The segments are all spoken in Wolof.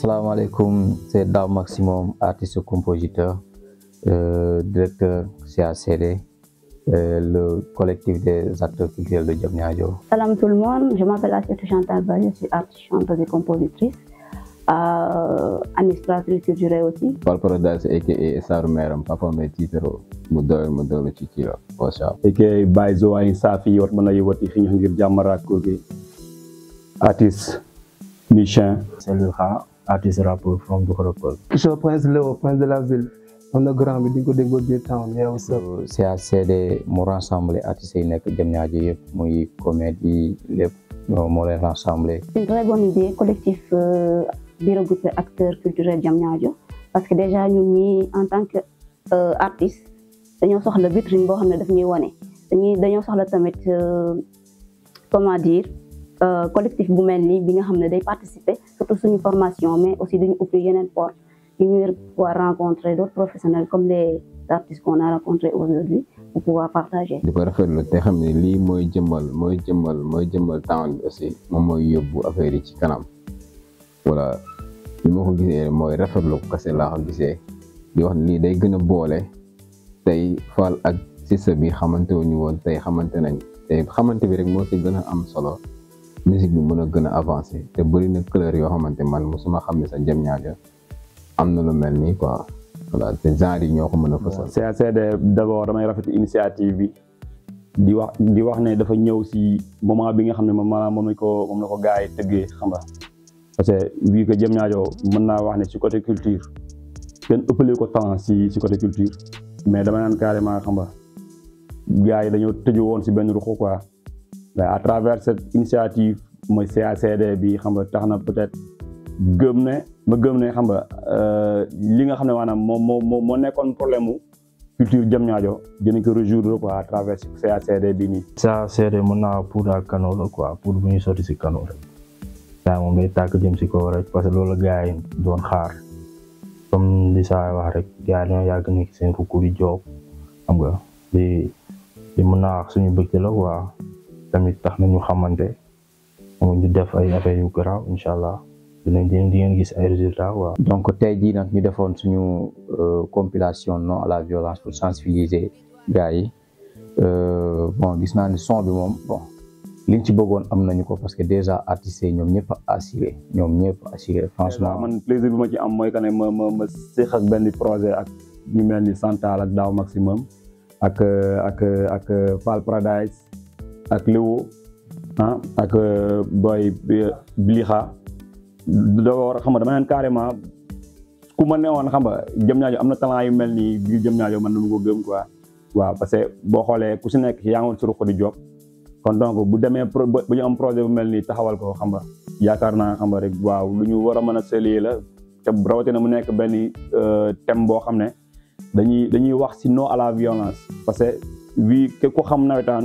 alaikum. c'est Dao Maximum artiste compositeur euh, directeur CACD euh, le collectif des acteurs culturels de Salam tout le monde, je m'appelle Assiette Chantal je suis artiste, chanteuse et compositrice, euh, administratrice culturelle aussi. Meram, papa mes titres C'est artiste rappeur from Duxoropol. Je Prince Léo Prince de la ville on na grand bi di ko déggoo biir temps yow sa. Euh, CACD mu rassemblé artistes yi nekk Diamniadio yëpp des comédie lépp euh, moo leen rassemblé. c'est une très bonne idée collectif euh, bi regroupé acteurs culturels de Diamniadio parce que déjà nous, en tant qu'artistes, nous sommes le vitrine boo nous ne daf ñuy de, comment dire collectif bu mel nii bi participer surtout suñu formation mais aussi dañu ubbi yeneen porte yu pouvoir rencontrer d'autres professionnels comme les artistes qu'on a rencontrés aujourd'hui pour pouvoir partager. di ko rafetlu te xam ne lii mooy jëmmal moy jëmmal moy jëmmal temps aussi mom moy yóbbu affaire ci kanam voilà li ma ko gisee mooy rafetlu ko kese la ko gisé di wax ne day gëna bolé tay fal Fall ak Cissé bi xamanté wu ñu woon tey xamante nañ tay xamanté bi rek mo ci gëna am solo. musique bi mën a gën a avancé te bëri na couleur yoo xamante man mosuma xam ne sa jëm ñaajo am na lu mel nii quoi voilà te genre yi ñoo ko mën a fësal. CACD d'abord damay rafet initiative bi di wax di wax ne dafa ñëw si moment bi nga xam ne moom maanaam moom la ko moom gars yi tëggee xam nga parce que bii que jëm ñaajo mën naa wax ne si côté culture kenn ëpple ko temps si si côté culture mais dama naan carrément xam nga gars yi dañoo tëju woon si benn ruxu quoi. à travers cette initiative mooy CACD bi xam nga tax na peut-être gëm ne ma gëm ne xam nga euh, li nga xam ne maanaam moom moo moo nekkoon problème mu culture Diamniadio dinañ ko résoudre quoi à travers CACD bi nii. CACD mën naa a Kano la quoi pour bu ñuy sotti si Kano rek. daa moom day tàkk jëm si kaw rek parce que loolu gars yi doon xaar comme li saa wax rek gars yi dañoo yàgg nekk seen fukk di xam nga li li mën naa suñu bëgg la quoi. tamit tax na ñu xamante ñu def ay affaire yu garaaw incha allah dinañ leen di ngeen gis ay résultats waaw. donc tey jii nag ñu defoon suñu euh, compilation non à la violence pour sensibiliser gars yi euh, bon gis naa ne son bi moom bon liñ ci bëggoon am nañu ko parce que déjà artistes yi ñoom ñëpp a ñoom ñëpp assuré franchement. man plaisir bi ma ci am mooy que ne ma ma ma séq ak benn projet ak ñu mel ni Santal ak Daaw Maximum ak euh, ak ak Fall Paradise. ak Léo ah ak Boy Bilixa doo war a xam nga dama neen carrément ku ma newoon xam nga jëm ñaajo am na talent yu mel nii biir jëm ñaajo man dama ko gëm quoi waaw parce que boo xoolee ku si nekk yaa ngi woon si di job kon donc bu demee bu ñu am projet bu mel nii taxawal ko xam nga yaakaar naa xam nga rek waaw lu ñu war a mën a sëlee la te rawatina mu nekk benn euh, thème boo xam ne dañuy dañuy wax si non à violence parce que ku xam nawetaan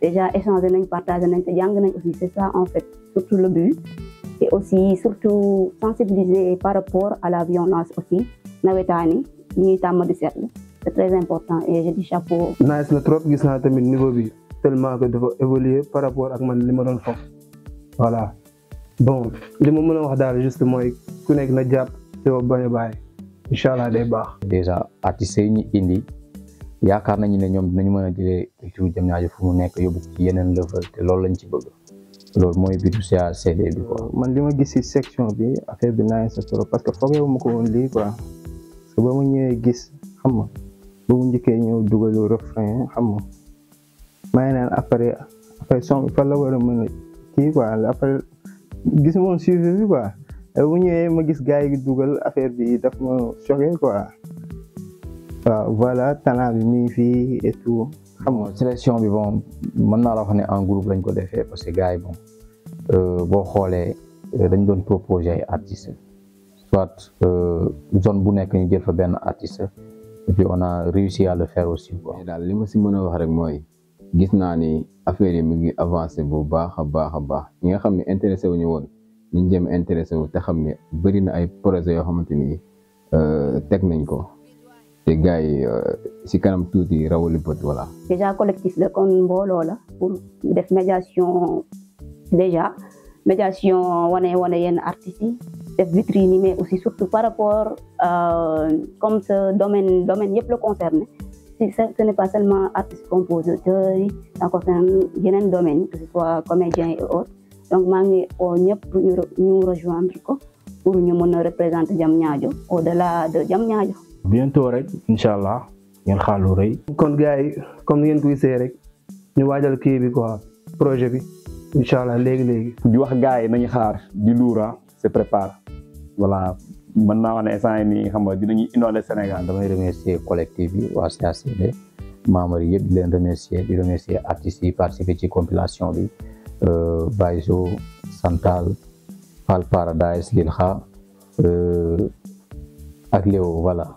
déjà échanger nañ partagé nañ te jàng nañ c'est ça en fait surtout le but et aussi surtout sensibiliser par rapport à la violence aussi nawetaani yi ñuy tàmm di c'est très important et je dis chapeau. nice na trop gis naa tamit niveau bi tellement que dafa évoluer par rapport ak man li ma doon voilà bon le moment mën a wax daal juste mooy ku nekk na jàpp te bañ a bàyyi incha allah day déjà à yi ñu indi. yaakaar nañu ne ñoom dinañu mën a jëlee culture Diamniadio fu mu nekk yóbbu ci yeneen level te loolu lañu ci bëgg loolu mooy bitu CACD bi quoi. man li ma gis si section bi affaire bi naa sa trop parce que foogee ma ko woon lii quoi parce ñëwee gis xam nga ba mu njëkkee ñëw dugalu refrain xam nga may naan son fa la war a mën a kii quoi après gis moom suivi bi quoi bu ñëwee ma gis gars yi dugal affaire bi daf ma choqué quoi. voilà talent bi mi fi et tout. xam sélection bi bon mën naa la wax ne en groupe lañ ko defee parce que gars yi bon euh, boo xoolee euh, dañ doon proposer ay artistes soit euh, zone bu nekk ñu jël fa benn artiste et puis on a réussi à le faire aussi quoi. daal li ma si mën a wax rek mooy gis naa ni affaire yi mi ngi avancé bu baax a baax a baax ñi nga xam ne intéressé wu ñu woon ñu jëm intéressé wu te xam ne bëri na ay projets yoo xamante ni teg nañ ko. C'est gars même si euh, kanam tuuti le voilà. déjà collectif de kon mbooloo la pour des médiation déjà médiation on est, on artistes yi artiste des vitrines, mais aussi surtout par rapport euh, comme ce domaine domaine yëpp plus concerné ce n'est pas seulement artistes compositeurs Il ça concerne un domaine, que ce soit comédiens et autres donc je suis oo nous nous rejoindre ko pour nous représenter au delà de Diamniadio bientôt rek incha allah ngeen xaar lu rëy. kon gars yi comme ni ngeen ko gisee rek ñu waajal kii bi quoi projet bi incha allah léegi léegi. di wax gars yi nañu xaar di luura se prépare wala mën naa wax ne instant nii xam nga dinañu inonder Sénégal. damay remercier collective yi waa CACD membres yëpp di leen remercier di remercier artistes yi participer ci compilation bi euh, Bayzo Santal Fall Paradise Lil Xa euh, ak Léo voilà.